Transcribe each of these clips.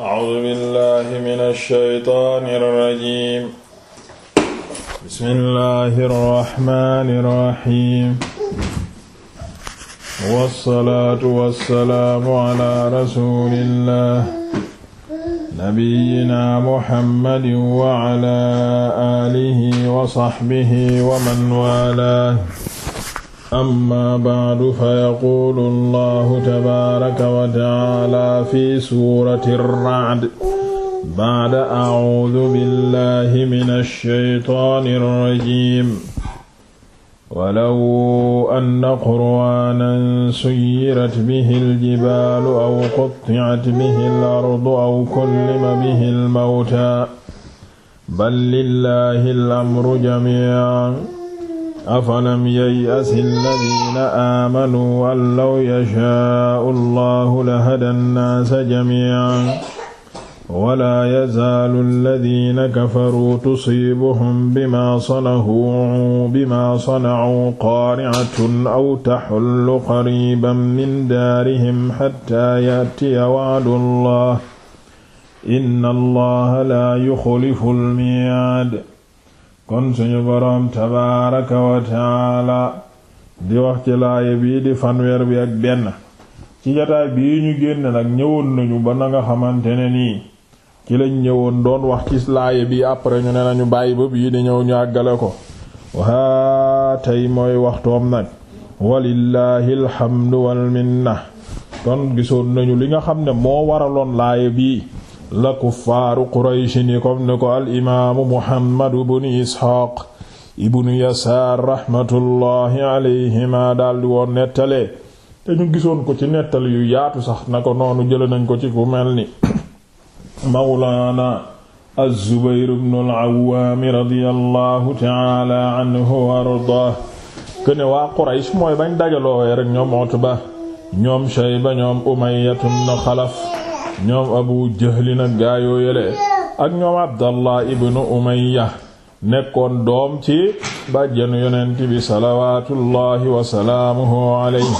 أعوذ بالله من الشيطان الرجيم بسم الله الرحمن الرحيم والصلاة والسلام على رسول الله نبينا محمد وعلى آله وصحبه ومن والاه amma ba'du fa yaquulu allahu tabaaraka wa ta'aala fi suurati ar-ra'd ba'da a'uudu billahi mina shaytaani rajiim walaw anna qur'aanan suyyirat bihi al-jibaalu aw qutti'at bihi al-ardu aw kullima bihi al-mawtaa bal lillahi al-amru jamii'an afalam yay'asi alladina aamanuu an law yashaa'u allahu lahada annaasa jamii'an wala yazaalu alladina kafaruu tusiibuhum bimaa sanahuu bimaa sanacuu qaari'atun aw taxullu qariiban min daarihim xatta ya'tiya wa'du allah inna allaha laa yuxlifu almii'aad kon suñu boroom tabaaraka wa taala di wax ci laaya bii di fanweer bi ak benn ci jataay bii ñu génn nag ñëwoon nañu ba na nga xamante ne nii ci lañ ñëwoon doon wax ci laaya bi après ñu ne nañu bàyyi ba bii di ñëw ñu àggale ko waa tey mooy waxtoom nag walillaahi alxamdu kon gisoon nañu li nga xam ne moo waraloon laaya bii la kuffaaru qurayshi ni comme ni ko al muhammad ibnu isxaaq ibnu yasaar raxmatullaahi alayhima daldi woon nettalee te ñu gisoon ko ci nettali yu yaatu sax na ko noonu jële nañ ko ci ku mel ni mawlaana az-zubayr ibnu al-awwaam radiyallaahu taala anhu wa ardaah këne waa quraysh mooy bañ dajaloo rek ñoom utba ñoom shayba ñoom umayyatun xalaf ñoom abu jahli nag gaa yoo yele ak ñoom abdallah ibnu umayya nekkoon doom ci bàjjenu yonent bi salawaatullahi wa salaamuhu alayhi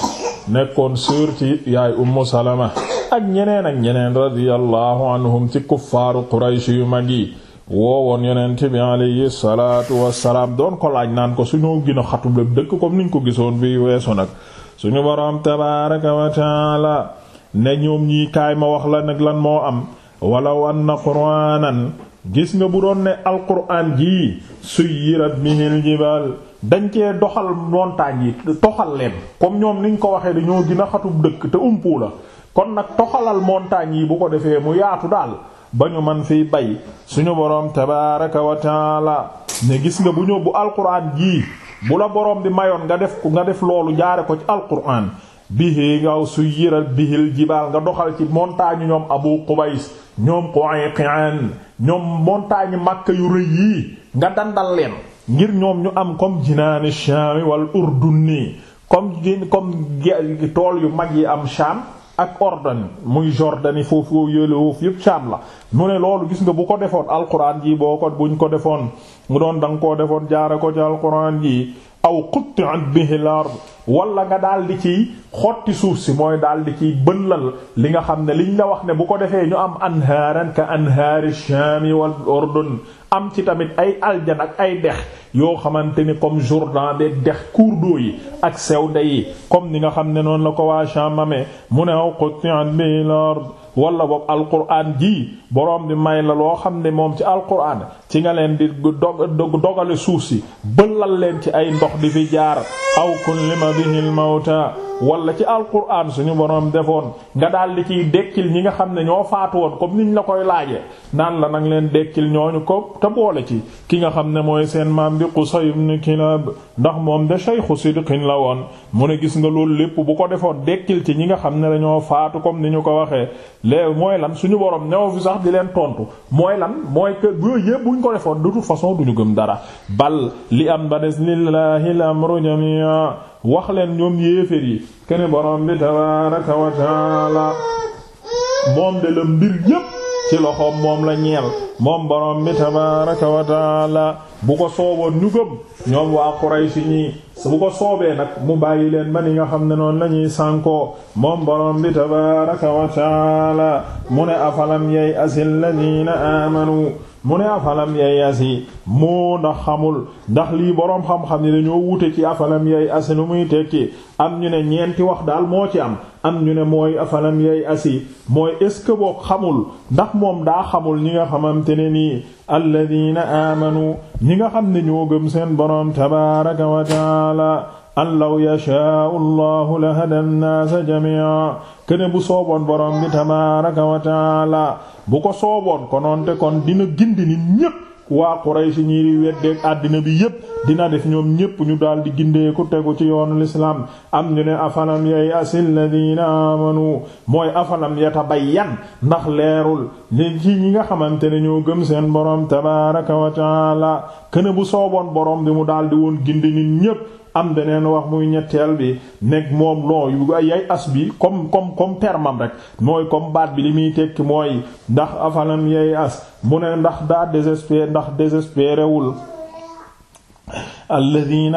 nekkoon sœur ci yaay ummu salama ak ñeneen ak ñeneen radiyallahu anhum ci kuffaaru quraysh yu mag yi woowoon yonent bi alayhi salaatu wassalaam doon ko laaj naan ko suñu gën a xatub lépp dëkk ko niñ ko gisoon bi weesu nag suñu boroom tabaaraka wa taala ne ñoom ñii kaay ma wax la nag lan moo am walaw anna qur'aanan gis nga bu doon ne alqur'aan jii suyyirat bihil jibaal dañ cee doxal montagne yi toxal leen comme ñoom niñ ko waxee dañoo gën a xatub dëkk te umpu kon nag toxalal montagne yi bu ko defee mu yaatu daal ba ñu man fiy bay suñu borom tabaaraka wa taala ne gis nga bu ñëw bu alqur'aan jii bu la borom bi mayoon nga def ko nga def loolu jaare ko ci alqur'aan bihi ngaw su yiiral bihil jibaal nga doxal ci montagne ñoom abu qubays ñoom Qayqi'an ñoom montagne makka yu rëy yii nga dandal leen ngir ñoom ñu am comme jinaani shaami wal urduni comme comme tool yu mag yi am shaam ak ordani muy jordani foofu yële woofu yëpp Sham la mu ne loolu gis nga bu ko defoon alquran ji boo ko buñ ko defoon mu doon da koo defoon jaare ko ci alquran ji aw qutti'at bihi al-ard wala nga daal di ciy xotti suuf si mooy daal di ciy bëllal li nga xam ne liñ la wax ne bu ko defee ñu am anhaaran ka anhaari Shaam wal Urdun am ci tamit ay aljan ak ay dex yoo xamante ni comme Jourdain beeg dex cours d'eau yi ak sewde yi comme ni nga xam ne noonu la ko waa Sham amee mu ne aw qutti'at bil ard wala boobu alquran jii boroom bi may la loo xam ne moom ci alquran ci nga leen di dog dogale suuf si lal leen ci ay ndox di fi jaar aw kullima bihil mawta wala ci alquran suñu boroom defoon nga daal di ciy dekkil ñi nga xam ne ñoo faatu woon comme niñ la koy laajee naan la nag leen dekkil ñooñu ko te boole di Qusay ibn Kilab ndax moom de shaykhu sidqin la woon mu ne gis nga loolu lépp bu ko defoon dekkil ci ñi nga xam ne dañoo faatu comme ni ñu ko waxee léegi mooy lan suñu borom ñëw fi sax di leen tontu mooy lan mooy que yooyu yëpp buñ ko defoon de toute façon duñu gëm dara bal li am ba des lillahi al-amru jami'a wax leen ñoom yéeféer yi kene borom bi tabaraka wa taala moom de la mbir yépp ci loxoom moom la ñeel moom borom bi tabaaraka wa taala bu ko sooboon ñu gëm ñoom waa Quraysh ñi bu ko soobee nag mu bàyyi leen ba ni nga xam ne noon la ñuy sànkoo moom borom bi tabaaraka wa taala mu ne afalam yay asil ladina amanu mu ne afalam yay asi moo ndax xamul ndax lii boroom xam-xam ni dañoo wute ci afalam yay asi lu muy tekki am ñu ne ñeenti wax daal moo ci am am ñu ne mooy afalam yay asi mooy est-ce que boo xamul ndax moom daa xamul ñi nga xamante ne nii alladina amanu ñi nga xam ne ñoo gëm seen boroom tabaraka wa taala an law yashaa'u la hada nnaasa jami'a kene bu sooboon borom bi tabaaraka wa taala bu ko sooboon konoonte kon dina gindi nit ñépp waa Quraysh ñi di weddeek àddina bi yépp dina def ñoom ñépp ñu daldi gindeeku tegu ci yoonu lislaam am ñu ne afalam yay asil ladina amanu mooy afalam yan ndax leerul li ci ñi nga xamante ne ñoo gëm seen boroom tabaaraka wa taala kene bu sooboon borom bi mu daldi woon gindi nit ñépp am beneen wax muy ñetteel bi néeg moom loo yu yay as bi comme comme comme termam rek mooy comme baat bi li muy tekki mooy ndax afalam yay as mu ne ndax daa désespéré ndax désespéré wul ñi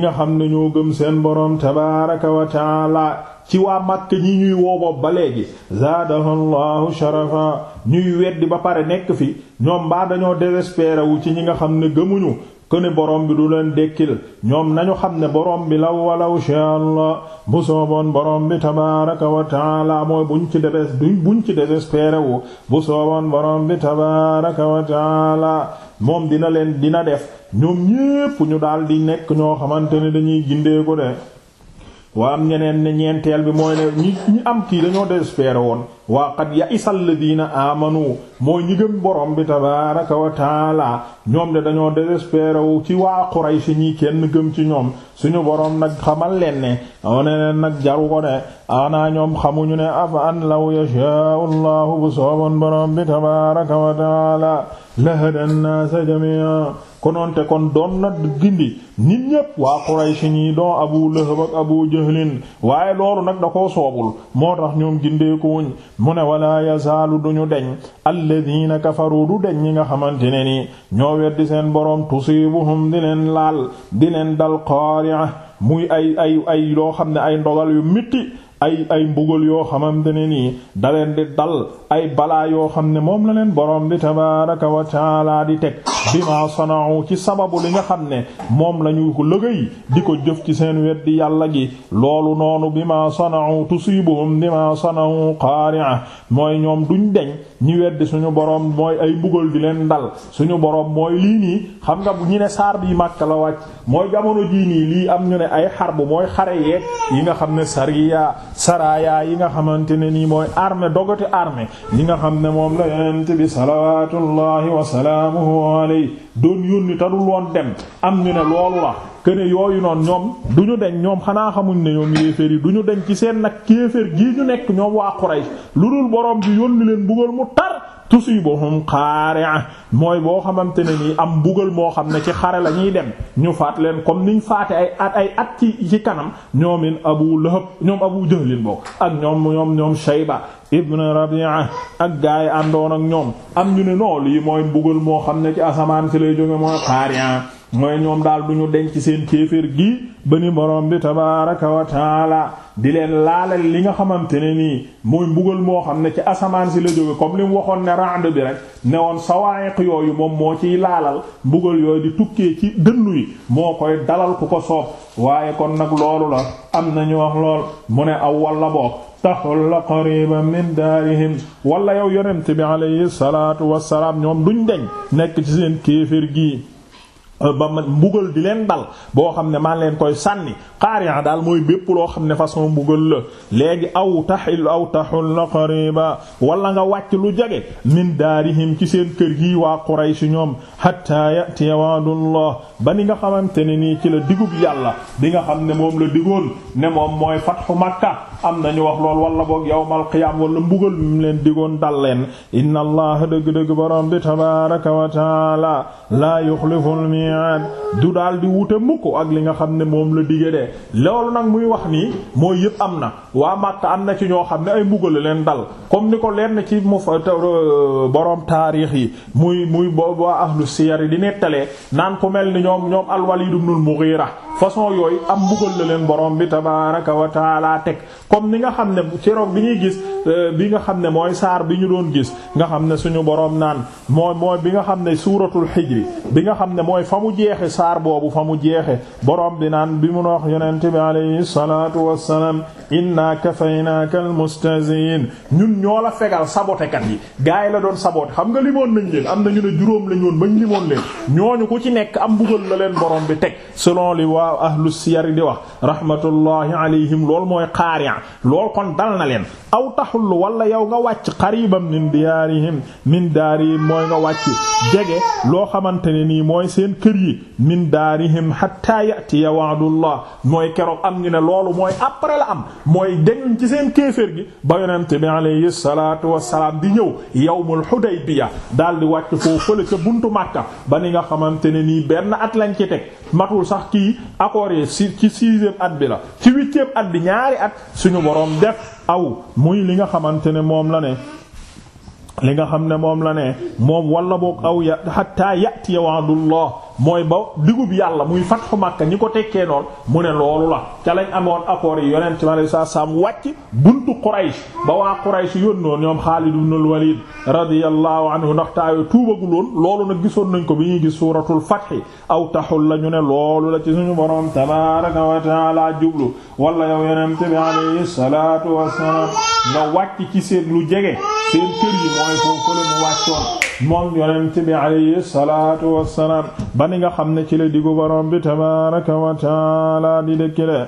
nga xam ne ñoo gëm seen boroom tabaraka wa taala ci waa Makka ñi ñuy wooboob ba léegi zaadaha llahu sharafa ñuy weddi ba pare nekk fi ñoom baa dañoo désespéré ci ñi nga xam ne gëmuñu ne borom bi du leen dekkil ñoom nañu xam ne borom bi law walaw sha Allah bu sooboon borom bi tabaaraka wa taala mooy buñ ci debes buñ ci désespéré wu bu sooboon borom bi tabaaraka wa taala moom dina leen dina def ñoom ñépp ñu daal di nekk ñoo xamante ne dañuy gindee de waa am ñeneen ne ñeenteel bi mooy ne ñi ñi am kii dañoo désespéré woon waa qad ya'isa alladina amanu mooy ñi gëm borom bi tabaraka wa taala ñoom de dañoo désespéré wu ci waa Quraysh ñi kenn gëm ci ñoom suñu borom nag xamal leen ne one nag jaru ko de ana ñoom xamuñu ne af an law yashaa'u allahu bu sooboon borom bi tabaraka wa taala lahada an-naasa konoonte kon doon na gindi nit ñépp waa Quraysh ñi don Abu Lahab Abu Jahlin waaye loolu nag da koo soobul moo tax ñoom gindeeku wuñ mu ne wala yazaalu duñu deñ alladina kafaru du deñ ñi nga xamante ne ni ñoo weddi seen boroom tusibuhum di leen laal di leen dal qaari'a muy ay ay ay loo xam ne ay ndogal yu mitti ay ay mbugal yoo xamante ne nii daleen di dal ay balaa yoo xam ne moom la leen borom di tabaaraka wa taala di teg bi bima sana'u ci sababu li nga xam ne moom la ñu ko lëgëy di ko jëf ci seen weddi yàlla gi loolu noonu bi bima sana'u tusibuhum bima sana'u qari'a mooy ñoom duñ deñ ñi weddi suñu borom mooy ay mbugal di leen dal suñu borom mooy lii nii xam nga bu ñu ne saar bii Makka la wàcc mooy jamono jii nii lii am ñu ne ay xar bu mooy xare yeeg yi nga xam ne sariya saraya yi nga xamante ne nii mooy armée dogati armée yi nga xam ne moom la yonent bi salawaatullahi wa salaamuhu alayhi doon yónni ta dul woon dem am ñu ne loolu la këne yooyu noonu ñoom du ñu deñ ñoom xanaa xamuñ ne yéeféer yi du ñu deñ ci seen nag kéeféer gii ñu nekk ñoom waa Quraysh lu dul boroom bi yónni leen mbugal mu tar tusibuhum qari'a mooy boo xamante ne nii am mbugal moo xam ne ci xare la ñuy dem ñu faat leen comme niñ faate ay at ay at ci ci kanam ñoomin Abu Lahab ñoom Abu Jahlin bokk ak ñoom ñoom ñoom Shayba ibn Rabi'a ak gaay àndoon ak ñoom am ñu ne noolu yi mooy mbugal moo xam ne ci asamaan si lay jóge mooy qari'a mooy ñoom daal du ñu ci seen kéeféer gii ba ni borom bi tabaaraka wa taala di leen laalal li nga xamante ne nii mooy mbugal moo xam ne ci asamaan si la jóge comme li mu waxoon ne rand bi rek ne woon sawaayiq yooyu moom moo ciy laalal mbugal yooyu di tukkee ci dënnu yi moo koy dalal ku ko soob waaye kon nag loolu la am na ñu wax lool mu ne aw walla boog taxulla qariban min daarihim wala yow yonent bi alayhi salaatu wassalaam ñoom duñ deñ nekk ci seen kéeféer gi Euh, ba man mbugal di leen dal boo xam ne maa leen koy sànni qaari'a daal mooy bépp loo xam ne façon mbugal la léegi aw tahil aw la qariba walla nga wàcc lu jege min daarihim ci seen kër yi waa Quraysh ñoom hatta ya'ti wa'dullah ba ni nga xamante ne nii ci la digub yàlla di nga xam ne moom la digoon ne moom mooy fathu Makka am nañu wax lool wala boog yawmal qiyaam wala mbugal mu leen digoon dal leen inna allaha dëgg-dëgg borom bi tabaaraka wa ta'aala la yukhlifu jami'an du daal di wute mukk ak li nga xam ne moom la digge de loolu nag muy wax nii mooy yëpp am na waa Makka am na ci ñoo xam ne ay mbugal leen dal comme ni ko lenn ci mu euh, borom taarix yi muy muy boobu waa ahlu siyar yi di nettalee naan ku mel ni ñoom ñoom al-Walid ibn al-Mughira façon yooyu am mbugal la leen boroom bi tabaaraka wa taala teg comme ni nga xam ne ci roog bi ñuy gis euh, bi nga xam ne mooy saar bi ñu doon gis nga xam ne suñu borom naan mooy mooy bi nga xam ne suuratul Hijr bi nga xam ne mu jeexe saar boobu fa mu jeexe boroom bi naan bi mu wax yonent bi alayhi salaatu wassalaam inna kafaynaaka almustaziin ñun ñoo la fegal sabotekat yi gaa yi la doon sabote xam nga limoon nañ leen am na ñu ne juróom lañ woon bañ limoon leen ñooñu ku ci nekk am mbugal la leen boroom bi teg selon li waa ahlu siyar di wax rahmatullahi alayhim lool mooy xaariya lool kon dal na leen aw taxul wala yow nga wàcc xariban min diyaarihim min daarihim mooy nga wàcc jege loo kër yi min daarihim hatta yatiya wa'dullah mooy keroog am ñu ne loolu mooy après la am mooy dañuñ ci seen kéeféer gi ba yonente bi alayhi salatu di ñëw yawmul bi daal di wàcc foofu fële ca buntu Makka ba ni nga xamante ne nii benn at lañ ci teg matul sax kii accord yi si ci sixième at bi la ci huitième at bi ñaari at suñu boroom def aw muy li nga xamante ne moom la ne li nga xam ne moom la ne moom wala boog aw ya hatta yati wa'dullah mooy ba digub yàlla muy fatxu Makka ñi ko tekkee noonu mu ne loolu la ca lañ amoon accord yi yonent ci ma saa saam wàcc buntu Quraysh ba waa Quraysh yónnoo ñoom Xaalid ibn al-Walid anhu ndax taayo tuubagul loolu nag gisoon nañ ko bi ñuy gis suuratul Fath aw taxul la ñu ne loolu la ci suñu borom tabaaraka wa ta'aala jublu wala yow yonent bi alayhi salaatu wassalaam nga ci seen lu jege seen kër yi mooy foofu la mu wàccoon moom yonent bi alayhi salaatu wassalaam ba ni nga xam ne ci la digu borom bi tabaaraka wa taala di dëkkile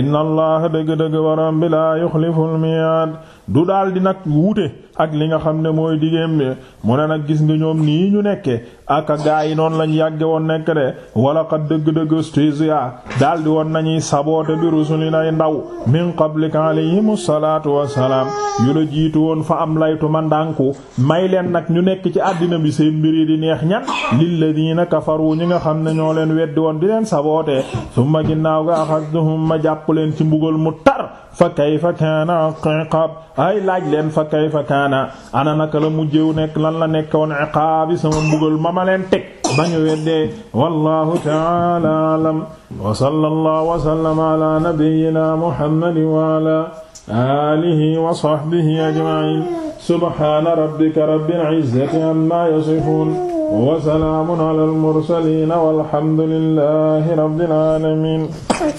inna allah dëgg-dëgg borom bi laa yuxliful mi'aad du daal di nag wuute ak li nga xam ne mooy digeem bi mu ne nag gis nga ñoom nii ñu nekke ak gaa yi noonu lañ yàgge woon nekk de wala xat dëgg-dëgg stésia daldi woon nañuy saboote bi rusulinay ndaw min qablika alayhimu salaatu wassalaam yu la jiitu woon fa am laytu ma ndànku may leen nag ñu nekk ci àddina bi seen mbiri di neex ñan lilladiina kafaru ñi nga xam ne ñoo leen weddi woon di leen saboote summa ginnaaw ga axadtuhum ma jàpp leen ci mbugal mu tar fa kaana ana naka la mujjew nekk lan la nekk woon iqaabi sama mbugal ma ma leen teg bañu weddee wallahu ta'ala alam wa sallallahu wa sallama ala nabiyyina muhammadin wa ala alihi wa sahbihi ajma'in subhana rabbika rabbil izzati amma yasifun wa salamun ala al mursalin walhamdulillahi rabbil alamin